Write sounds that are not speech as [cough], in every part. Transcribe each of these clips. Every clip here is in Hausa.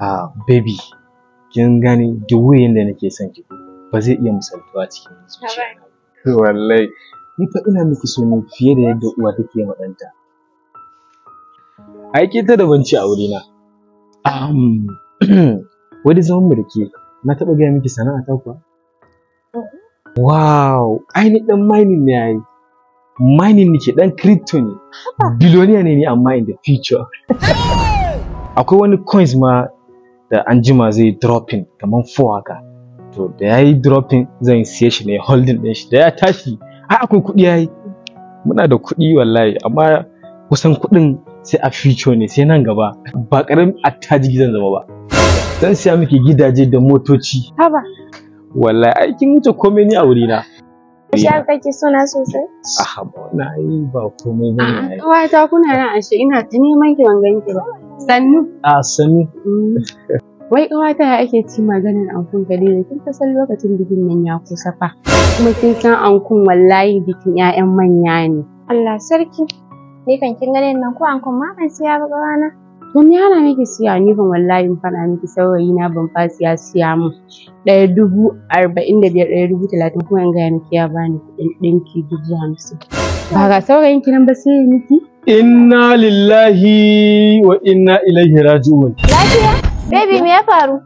a ah, baby kin gane duk wayan da nake son ki ba zai iya misaltuwa cikin zuciya [laughs] wallahi ni fa ina miki so ne fiye da yadda uwa take ma danta ai ta da banci a wurina [clears throat] wani zaman mu dake na taba gaya miki sana'a ta kuwa wow ai ni dan mining ne yayi mining nake dan crypto ne billionaire ne ni amma in the future [laughs] akwai wani coins ma da an jima zai dropping kamar 4 haka to da ya yi dropping zan siye shi ne holding ɗin shi da ya tashi ai akwai kuɗi ya yi muna da kuɗi wallahi amma kusan kuɗin sai a fico ne sai nan gaba ba ƙaramin attajiri zan zama ba zan siya miki gidaje da motoci haba wallahi ai kin wuce komai ni a wurina Shar kake so na sosai? Ah, ba na yi ba komai ba ne. Ah, kuna nan ashe ina ta neman ki ban ganki ba. Sannu? A sannu. Mm. Wai ƙawata ya ake ci maganin ankun Khadija kin ta san lokacin bikin nan ya kusa fa. Kuma kin san ankun wallahi bikin 'ya'yan manya ne. Allah sarki. Ni kan kin ganin nan ko ankun ma ban siya ba ƙawana. Don yana na miki siya ni ban wallahi in fara miki saurayi na ban fa siya siya mun. Ɗaya dubu arba'in da biyar ɗaya dubu talatin kuma in gaya miki ya bani kuɗin ɗinki dubu hamsin. Ba ga saurayin ki nan ba sai miki. Inna lillahi wa inna ilaihi raji'un. Lafiya? Baby me ya faru?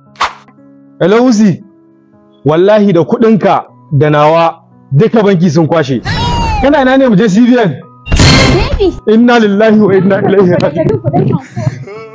Hello Uzi. Wallahi da kuɗinka da nawa duka banki sun kwashe. Kana ina ne mu je CBN? Baby. Inna lillahi wa inna ilaihi raji'un.